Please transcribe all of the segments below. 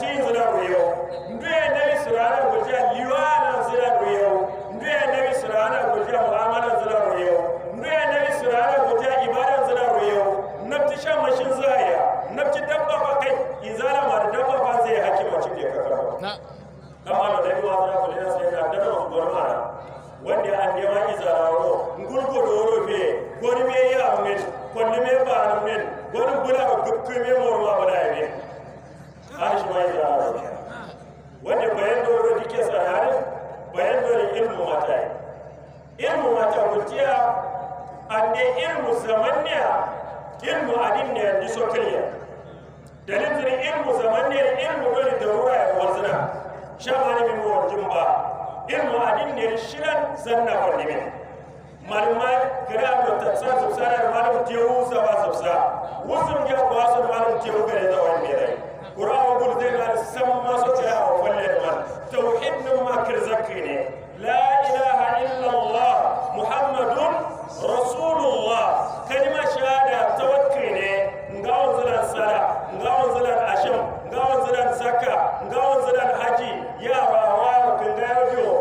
tizu na ruyo nduye nabi surana gujia liwana zila ruyo nduye nabi surana gujia muamala zila ruyo nduye nabi surana gujia ibada zila ruyo nabti shan mashin zaya nabti dabba fa kai mar dabba fa zai hakima cike kaka na amma da dai wa zara kullu sai da dabba gurmara wanda an dewa izararo ngurgudo rofe gorme ya men konne me ba men gon bula ko kumme morwa bala ne hashim ya zara wanda bayan doro dike tsanarin bayan doro ilmu mata ilmu mata kujiya ande ilmu zamanniya ilmu adin ne yanzu so kariya dalil ne ilmu zamanniya ilmu dole darura ya wanzuna shabani min warjin ba ilmu adin ne shiran zanna kwallimin malma gira da tafsir tafsirar malam tewu sa ba tafsir wasu ya kwasu malam tewu gare da wani ne قرآن قول ذي الله السماء ما سوتها وفليما توحيد ما كرزكيني لا إله إلا الله محمد رسول الله كلمة شهادة توكيني نقاون زلان صلاة نقاون زلان أشم نقاون زلان زكاة نقاون زلان حجي يا باوا كنغايو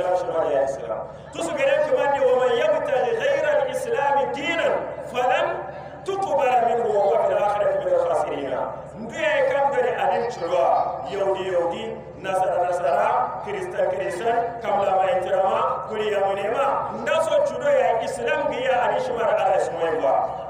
الإسلام شما يا إسلام تسجلك من ومن يبتغي غير الإسلام دينا فلن تقبل منه وهو في الآخرة من الخاسرين ندعي كم غير أدن شلوا يهودي يهودي نصارى نصارى كريستيان كريستيان كم لا ما يترما كل يوم نما ناسو شلوا يا إسلام بيا أدن شمار على اسمه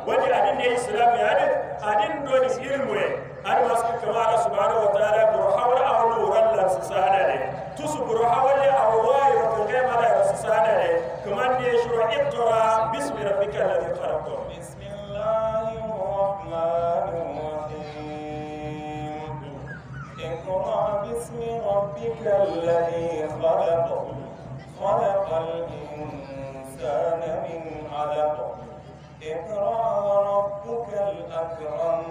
وني أدن إسلام يا أدن أدن دون إسلام har maske kamara subhanahu wa ta'ala bur hawla aw nuran lan sisana de tus bur hawla aw wai wa kema da sisana de kaman ne shuru iqra bismi rabbika alladhi khalaq bismillahir rahmanir rahim iqra bismi rabbika alladhi khalaq خلق الإنسان من علق اقرأ وربك الأكرم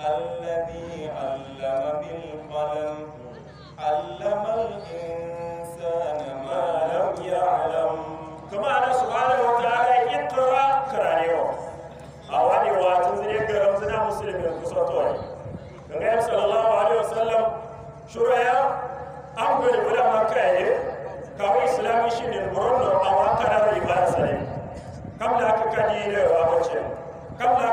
الذي علم بالقلم علم الإنسان ما لم يعلم كما أنا سبحانه وتعالى اقرأ كرانيو أولي واتنزل يقرأ رمزنا مسلم القصوة النبي صلى الله عليه وسلم شرعا أمكن بلا مكاية كاو إسلامي شين البرون أو أكرا ريبان سليم كم لا كدير وابتشن كم لا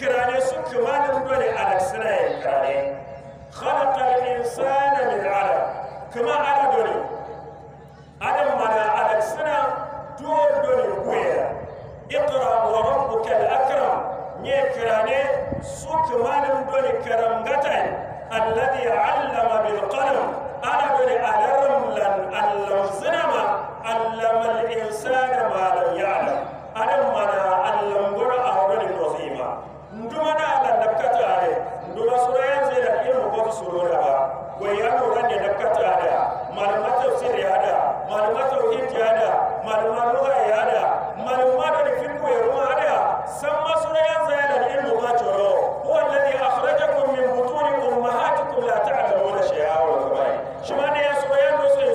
كراني سوك وانا مدولي على سلاي كراني خلق الإنسان من علم كما على دوري أنا مدى على سنة دور دوري قوية اقرأ وربك الأكرم نيه كراني سوك وانا مدولي كرم قتل الذي علم بالقلم أنا دوري ألرم لن ألم زنما علم الإنسان ما لم يعلم أنا مدى ألم قرأ أولي nduma na ala nabkata ale nduma suraya zera ilmu goto da ba wayano rande nabkata ada maluma tafsir ada maluma tauhid da maluma lugha ada maluma da fiqh ya ruwa ada samma suraya zera ilmu ba choro huwa alladhi akhrajakum min butuni ummahatikum la ta'lamuna shay'a wa kabai shimane ya yan ndo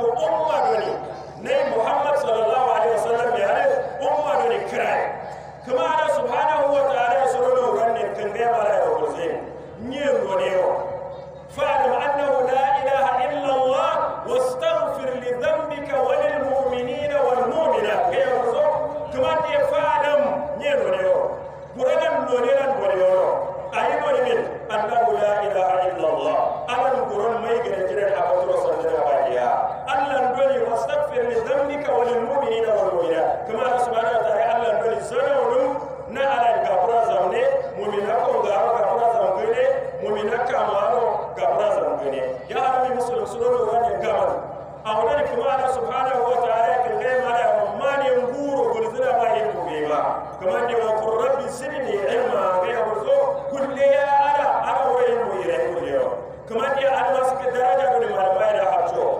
Qur'an Muhammad كما دي الماسك الدرجة من المعلمين حاجو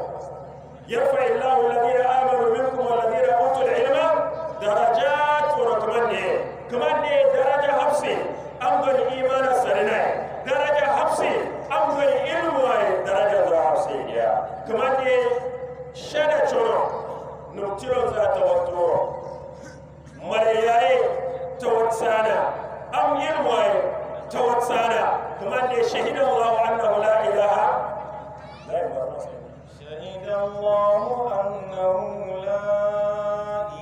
يرفع الله الذين آمنوا منكم والذين أوتوا العلم درجات وركمني كما دي درجة حبسي أمضل إيمان السرنة درجة حبسي أمضل علم درجة حبسي كما دي شنة شنو نمتلو ذات وقتو مرياي توتسانا أم علم توت سالا كما اللي شهد الله أنه لا إله لا إله شهد الله أنه لا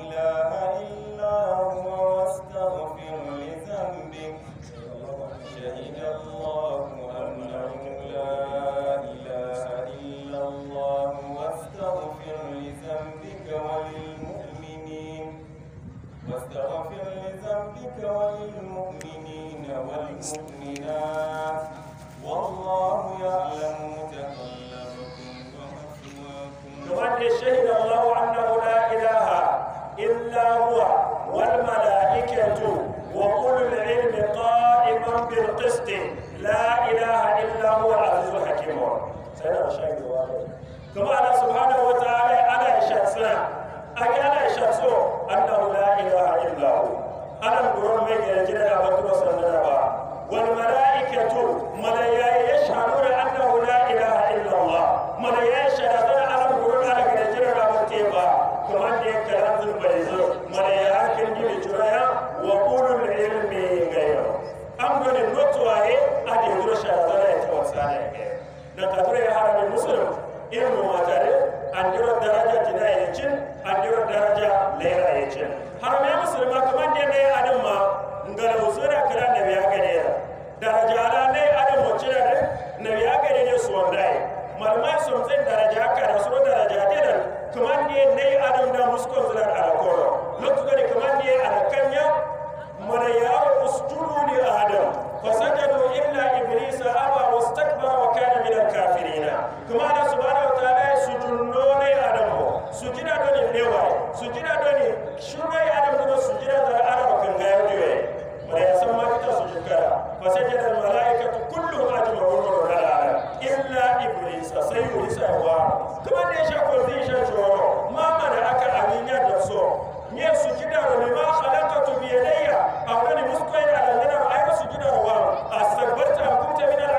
إله إلا هو واستغفر لذنبك شهد الله أنه لا إله إلا الله واستغفر لذنبك وللمؤمنين واستغفر لذنبك وللمؤمنين والله يعلم تقلبكم أنه لا إله إلا هو والملائكة العلم بالقسط لا إله إلا هو العزيز الحكيم سيدنا شهد ne musulma kaman de ne adam ma ngala usura kala nabi agade daraja ala ne adam mo cira ne nabi agade ne so ndai ma so mten daraja ka da so daraja de dan kaman de ne adam da musko zura ala ko lokku gane kaman de ala kanya mara yawo usjudu li adam fasajadu illa iblisa aba wastakbara wa kana min al-kafirin kuma Allah subhanahu wa ta'ala sujunno ne adam sujida doni lewaye sujida doni ya adam kuma sujida da araba kan gayo yau mara ya san malaika ta kullu ma ta mabun da rala illa iblis sayurisa wa kuma ne sha ko zai sha ma ma da aka aminya da so ne sujida da ma khalaqatu bi yadayya awani muskayna da nan ai sujida wa astakbarta kunta min al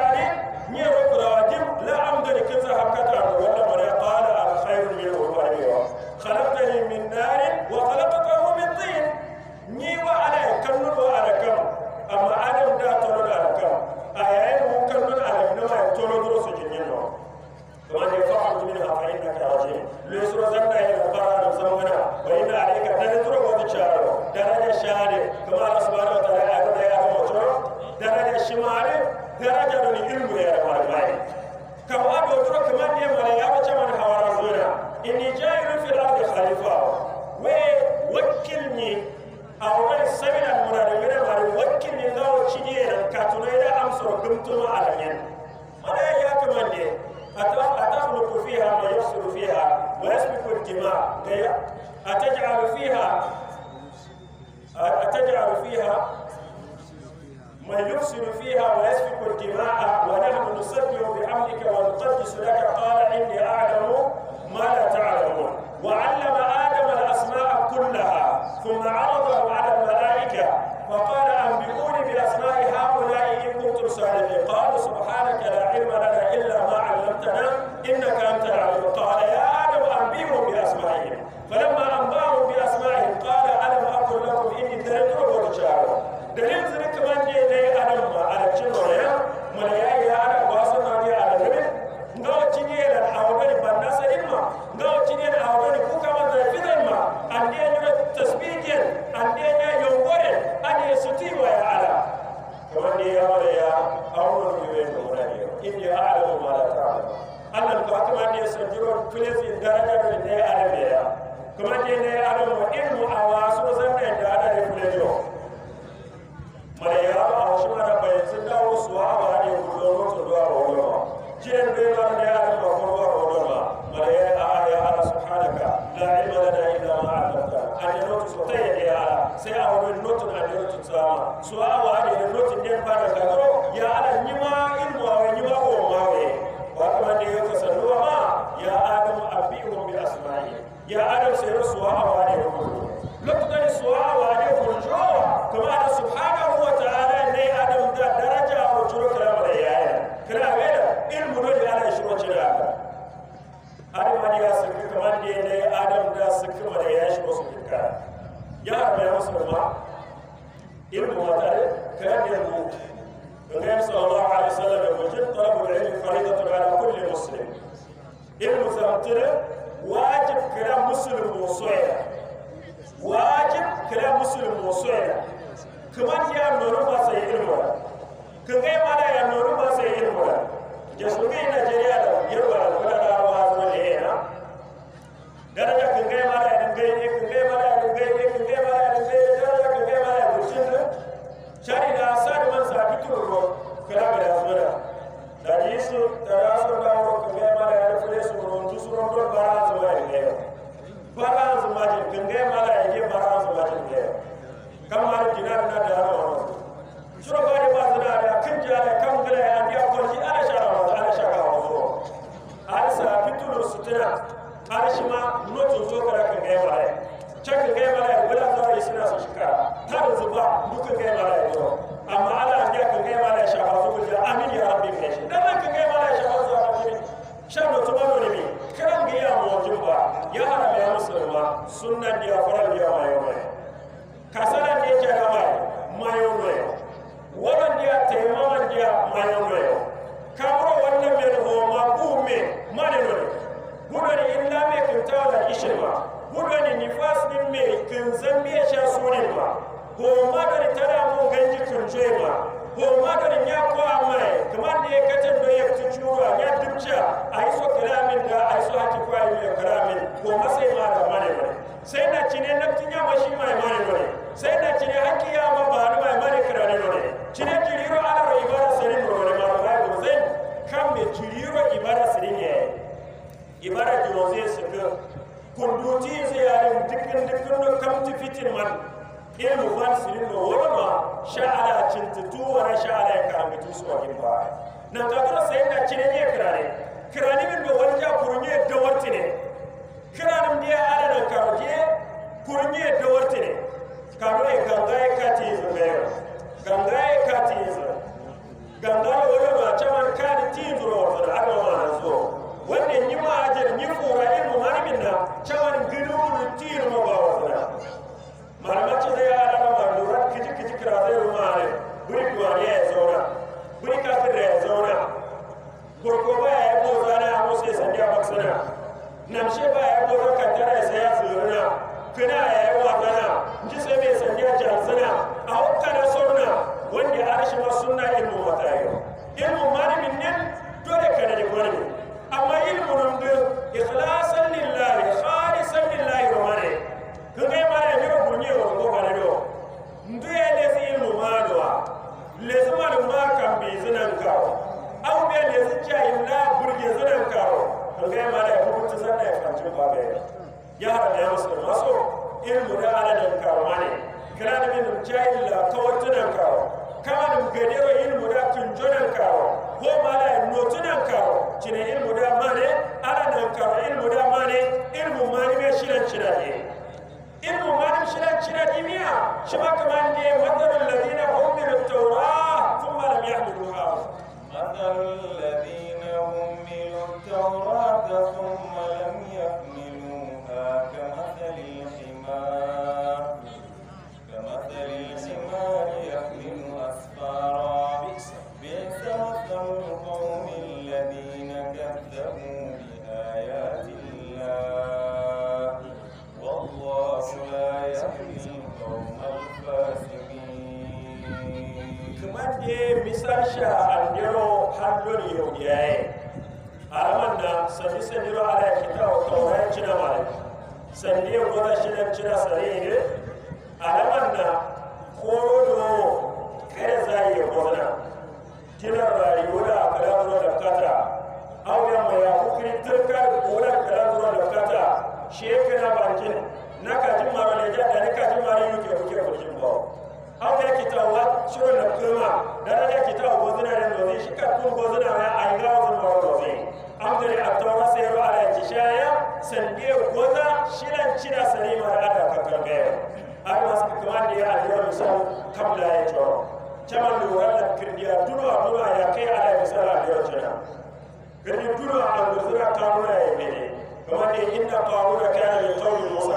يحدث لك قال إني أعلم ما لا تعلمون وعلم ilmu suena kemat ya nuru bahasa ilmu kengai mana ya nuru bahasa ilmu jasuke ina jeriya da yerwa da kuma da ruwa zuwa da yana daraja kengai mana ya dingai ne kengai mana ya dingai ne kengai mana ya dingai ne daraja kengai mana ya dushin ne shari da asari man sa fitu ro kala ga da zuwa da jisu tarasu da ro kengai mana ya rufule su ro tusu ro bara zuwa da yana bara zuwa da kengai mana ya ke bara zuwa da yana kamar dinar na da rawa shiro ba da bazu da da kan ja da kan gura ya biya ko shi ala shara wa ala shaka wa zo al sa fitulu sutura al shi ma noto zo kara kan ga bare check ga bare wala zo yi sina su shika ta da zuba duka ga bare zo amma ala ya kan ga bare shaka wa zo da amin ya rabbi kai shi dan kan ga bare shaka wa zo amin shan noto ba ne mi kan ga ya mu ba ya harama ya musulma sunnan ya faral ya mai mai kasara ne jagaba ya waran dia tema wan dia mayonwe kamro wannan men ho ma kume mane no gudani illa me kinta da ishirwa gudani nifas din me kin zambiya sha sunin ba ho ma da tara mu ganji tunje ba ho ma da nya ko amai kamar da ya katan do ya tujuwa ya dubja ai so kalamin da ai so haki ko ai kalamin ko masai ma da mane sai na cine na tinya ma shi mai mane seede cini hakkiyama baanuma mari kiranenore cine kiriro alaro ibara serin rore marumaygo zen kamme kiriro ibara ne ibara ya sike dukkan dukkan da dikkindo ti fitin man ilmu fan sirinno woroma sha'ala cintitu wara sha'ala e karambitu suwahimba nantagoro seeda cineñe kirane kiranimin do walja kurunye wartine kamre gandai katiza bero gandai katiza gandai wala ma chaman kani tindro da aga ma zo wanda ni ma ajir ni fura ilmu marmin na chaman kawo aw be ne su ya na burge su da kawo to zai ma da hukunci san da fanci ba ga ya har da musu maso ilmu da ala da kawo ne kana da min jahil la kawo tunan kawo kana da gadewa ilmu da tun jonan kawo ko ma da notunan kawo cine ilmu da ma ne ala da kawo ilmu da ma mane ilmu mani be shiran shirane ilmu manim shiran shiran imiya shi makaman ne matsalin ladina umiru taura sun malam ya hamidu hawa مثل الذين حملوا التوراة ثم لم يحملوها كمثل الحمار كمثل الحمار يحمل أسفارا بئس مثل القوم الذين كذبوا بآيات الله والله لا يهدي القوم الفاسقين كما دي مثال شاء اليوم halloli yawdiyaye aramanna sanni sanniro alay kitao tawnaye cina mare sanniye goda shinan cina sareyine aramanna korodo kare zaye gona dinar rayuwa kalamuro da kata aw yamma ya kukiri tirkar gona kalamuro da kata shekana bankin na kajin maro ne jadda ne kajin maro yuke kuke kuke bawo hawkar kitawa shirin na kuma daraja kitawa gozina da gozi shi kakkun gozina ya a gawa zan bawa gozi an gari a tawa sai ruwa da ci shaya sandiya goza shirin cina sarima da aka kakkar gaya har masu kuma da ya ajiyar musamman kamla ya jawo caman lura da kirdiya dunuwa dunuwa ya kai a da misala da yau jina kirdi dunuwa a gozina kamuna ya mene kamar da inda kawuna kayan yin tauri musamman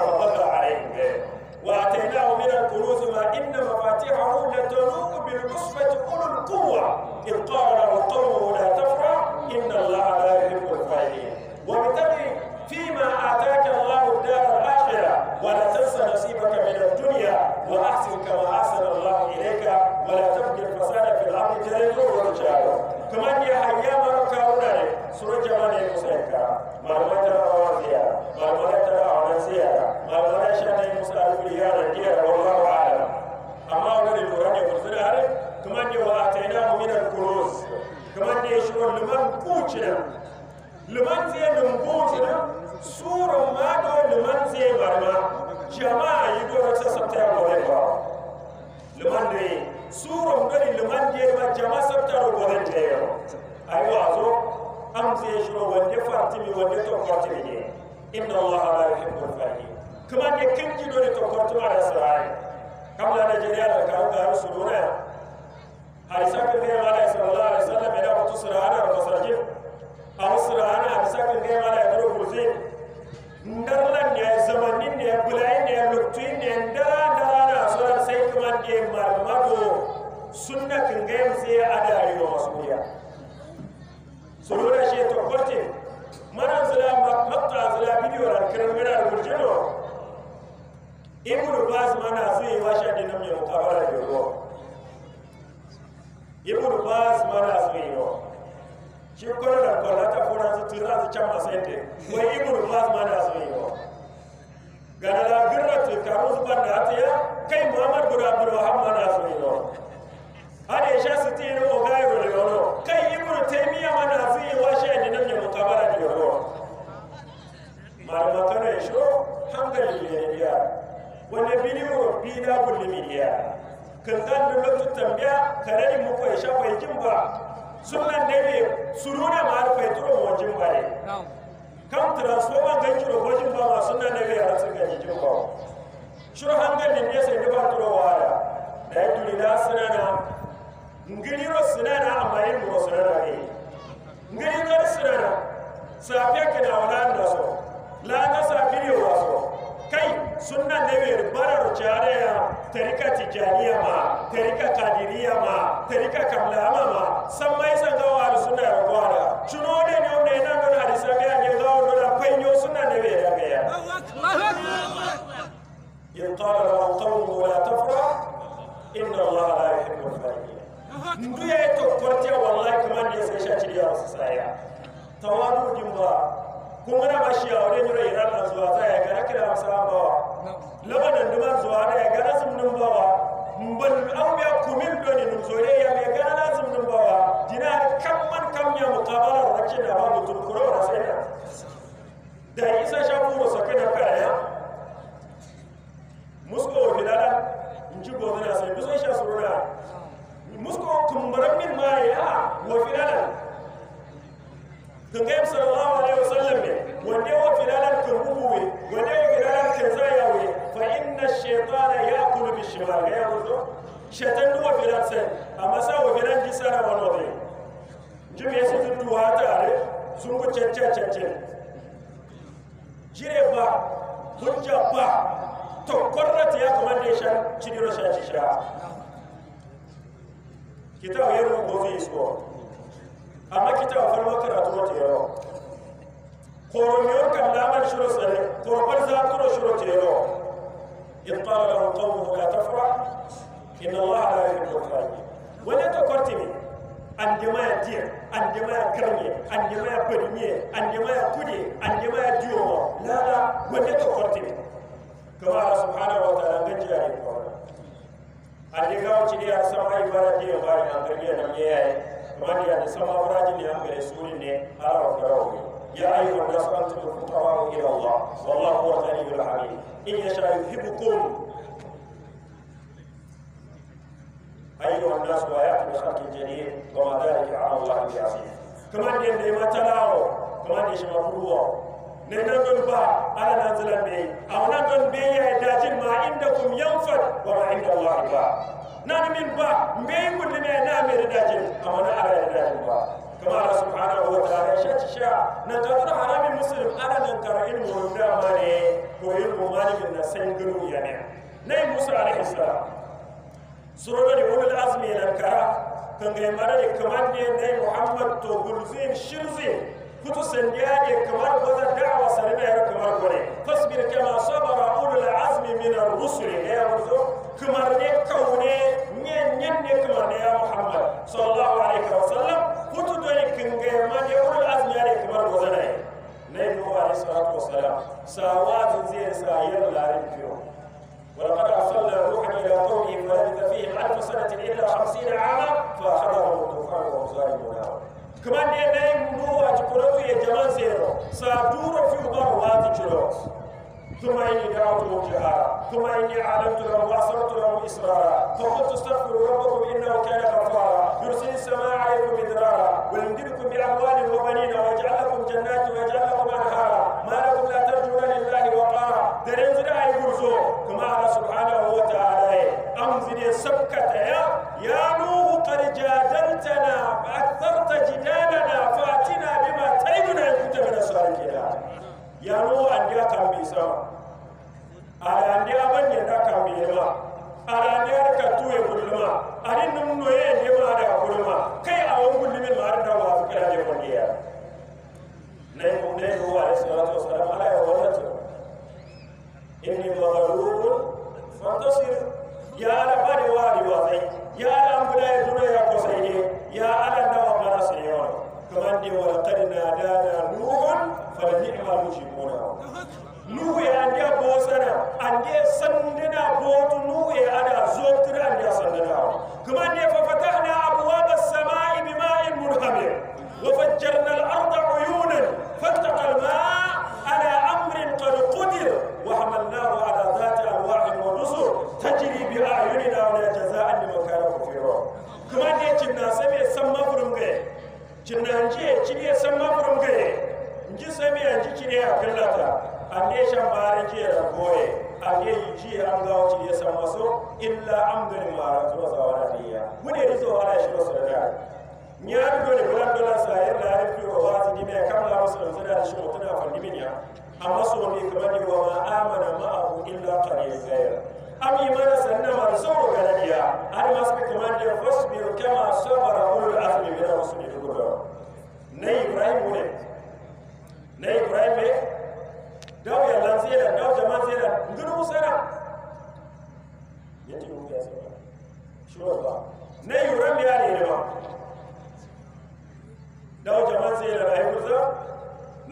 kortimi wonde to kortimi ɗe inna allaha la yuhibu lfahi kumande kenjiɗone to kortumare saraye kam la nigéria la karugaru sudunaya hay sakko mbiyamalaye sallallah alih w sallam ena otu sirahana ara masajid awo sirahana hay sakko mbiyamalaye ɗoro gursin ndarlan ne zamanin ne bulay ne luktuy ne ndara ndarana sai kuma kumande marmago sunna kingayam se adariyo masuliya surura shi to kortin maranzila maktanzila bidiyo ra kiran mera da burjino ibnu baz mana zai washa dinam ya mukabara da yogo ibnu baz mana zai yo shi kola kola ta fora su tira su chama sente wai ibnu baz mana zai yo gana la girra tu karu su banda atiya kai muhammad bin abdul wahab mana zai yo ya sha sitin o gairo da kangan do lottu tambia karani mo ko isha fay jimba sunna nebe suruna har fay turo wajen ba. ne kam transforma ngai kiro mo ba ma sunna ne ya tsu ngai ba shuru hangar ne ne sai ba turo da yi turi da sunana ngiriro ro sunana amma yin ro sunana ne ngiriro kar sunana safiya kana wala da so la ga wa so kai suna lewer barar jariya tarika tijaniya ma tarika kadiriya ma tarika kamlama ma san mai san gawa da suna rawara cuno da ne wanda yana gona da san ga ne gawa da na fanyo suna lewer da ga ya in qala lahu qawmu la tafra inna allah la yuhibbu al Ndu ya yi kurtiya wallahi kuma ne sai shi ya rasu saya tawadu din ba kuma na bashi a wani yura iran na zuwa za ya gara kira musamman bawa labanan duman zuwa na ya gara zumnin bawa mbon awɓe kumin ɗoni num so reya ɓe gananasum num mbawa dina kamman kam ñamo kabala rakkina babu tum kuro wona sena da isa shafuro sokkena karaya musko o fiɗaɗa jigodona se muso isa surona musko kumbaran min maye a wa fiɗaɗa to game sallallahu alaihi wasallam ne wande wa filalan turuwe wande wa filalan tazayawe fa inna shaytana ya'kulu bishimal ga ya wato shaytan duwa filan sai amma sa wa filan gisara wa nobe jibe su tunduwa tare sun ku cece cece jire ba hujja ba to ya amma kita wa farwa karatu wata yawa koromiyon kan lamar shiro tsare korban za turo shiro ta yawa in qala lahu qawmuhu la tafra inna allaha la yuhibbu al-farihin wala ta kortini andema ya dia andema ya karmi andema ya badmiye andema ya kudi andema ya diyo la la wala ta kortini kama Allah subhanahu wa ta'ala ganjiya ne ko andika wuce ne a sama ibara diyo ba ne an garbiya nan yayi من يتسمى وراجل ينبغي سوري أرى وكراه يا أيها الناس أنتم الفقراء إلى الله والله هو الغني الحميد إن يشاء يذهبكم أيها الناس وآيات بخلق جديد وما ذلك على الله بعزيز كمان يمدي ما تلاعوا كمان يشمفوا لندن دون با على نزل بي او نندن بي يا داجين ما عندكم ينفد وما عند الله با نان من با مبي كل ما نامر داجين او انا على داجين با كما الله سبحانه وتعالى شات شاء نتطر حرام مسلم على ننكر علم ودا مالي ويلقى مالك النسين قلو يعني نعم. نبي موسى عليه السلام سورة أولي العزم ينكر كان غير مرة كمان نبي محمد تو شرزي كتو سنديادي كمار وذا دعوة سرنا يا كمار قولي فاصبر كما صبر أولو العزم من الرسل يا مرزو كمار دي كوني نين نين دي كمار يا محمد صلى الله عليه وسلم كتو دوني كنغي مان يا أولو العزم يا كمار وذا نبي عليه الصلاة والسلام ساوات زي ساير لا ربيو ولقد أرسلنا نوحا إلى قومه فلبث فيهم ألف سنة إلا خمسين عاما فأخذهم الطوفان وهم ظالمون كمان ناي منو أتكرت يا جماعة سيرو سأدور في ضروات جلو ثم إني دعوتهم جهارا ثم إني أعلنت لهم وأسررت لهم إسرارا فقلت استغفروا ربكم إنه كان غفارا يرسل السماء عليكم مدرارا ويمددكم بأموال وبنين ويجعل لكم جنات ويجعل لكم أنهارا ما لكم لا ترجون لله وقارا درين زرع يقول كما الله سبحانه وتعالى أنزل سبكة يا يا نور قد جادلتنا وأكثرت جدالنا فأتنا بما تعدنا إن كنت من الصالحين يا نوح أن يقام بإسلام على أن يأمن ينقام بإسلام على أن يركتو يقولما على أن نمنوه يما يقولما كي أعوه لمن مارنا وافقنا يقوليا نيم نيم هو عليه الصلاة والسلام على يوالته إني مغلوب فانتصر يا رب واري واري Israel. Ami mana sanna mansuru galadiya. Ari maska kamande fasbir kama sabara ulul azmi min rusuli kudo. Ne Ibrahim ne. Ne Ibrahim ne. Daw ya lansira daw jama'a sira nduru sara. Yati mu ya sara. Shura. Ne yuram ya ne ba. Daw jama'a sira ayi kusa.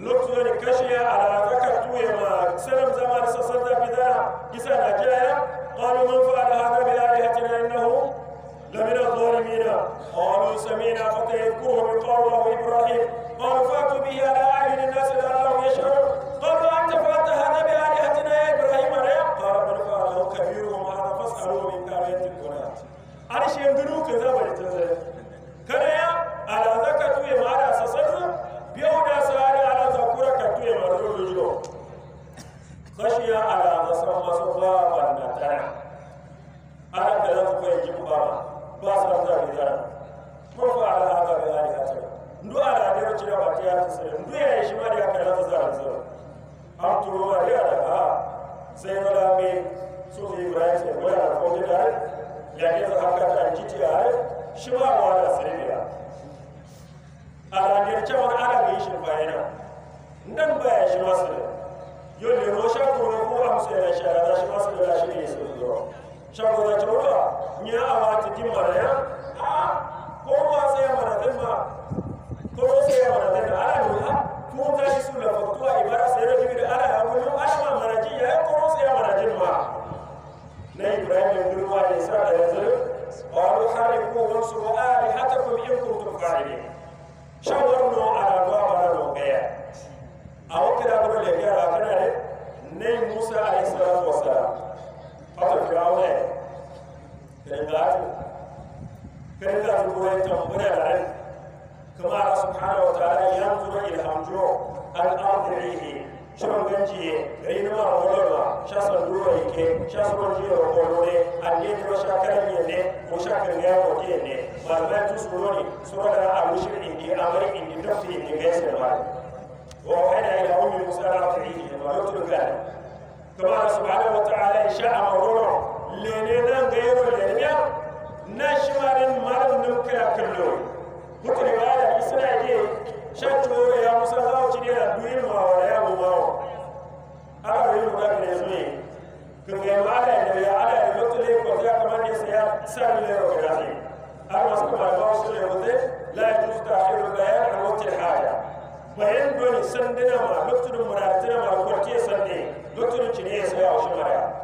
نقصد الكشية على ذكر توي ما سلم زمان سصدى بذا جسا نجايا قالوا من فعل هذا بآلهتنا إنه لمن الظالمين قالوا سمينا فتى يذكرهم قوله إبراهيم قالوا فأتوا به على أعين الناس لعلهم يشعرون قالوا أنت فعلت هذا بآلهتنا يا إبراهيم أنا قال من فعله كبيرهم هذا فاسألوا من كان يتقون أنا شيء يندلوك ذا بلتزل كان يا على ذكر توي ما على سصدى بيودا سارة على زكورة كتوية مرسول رجلو خشية على مصر مصفى من نتنا أنا كلام فيجب بابا باس رمضان بذلك مرفع على هذا بذلك ndu ala dero cira bati ya tsere ndu ya shi ma da kala ta zara zara am turo ba sai no da me su fi ibrahim sai wala da ko da ya ke za ta jiti ya shi ma wa da sirriya a ranar cewar ana ga ishin bayana nan baya shi masu da yau da ruwa sha kuma ko a musu shara shi masu da shi ne su zuwa sha kuma ta ya awa cikin maraya a ko ma sai marazin ma ko sai marazin da ana nuna ko ta yi su da faktuwa ibara sai da jibi da ana ya wani ana ma maraji ya yi ko sai marajin ma na ibrahim ya gurma da isa da yanzu قالوا حرقوا وانصروا kuma إن ba. لنغاية فإذا هو يتنبنى العلم كما الله سبحانه وتعالى ينظر إلى أمجو الأرض عليه شون بنجي رينما ولولا شاس مدورة يكي شاس مدورة وقولوني أنين وشاكرا يلي وشاكرا يلي وكيني والبان تسولوني سورة أمشر إندي أمر إندي نفسي إندي غيس نبالي وأوحينا إلى أم موسى رفعيه ويطلق ذلك كما الله سبحانه وتعالى شاء مروره لينينا غيرو لينيا نشوارن مالو نمكرا كلوي بكري والا إسرائيلي شاتورو يا موسى هاو تدينا دوين ما ولا يا مواو أنا غيرو غيرو نزمي كنغي مالا نبي على المطلق وفيا كمان يسيا ساليرو غيرو المسؤول عن التواصل اليهودي لا يجوز تاخير البيان عن وقت الحاجه وين دون سندنا ما دكتور مراتنا ما كورتي سندي دكتور تشنيه سيا وشمرا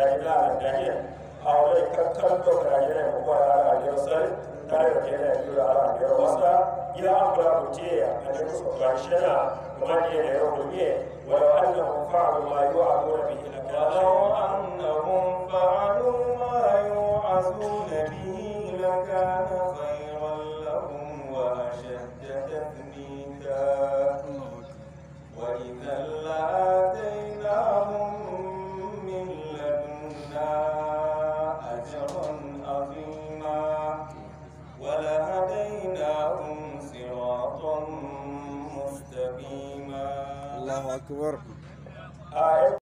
daina daina awre kakkan to kayere ko ba ala yo sar tare ke ne yo ala yo wasa ila amra butiya ane ko bashara kuma ne ne yo duye wa annahum fa'alu ma yu'aduna bihi lakana wa annahum fa'alu ma yu'azuna bihi lakana khayran lahum wa ashadda tathbita wa idhan la'ata واتبعتم صراطا مستقيما الله أكبر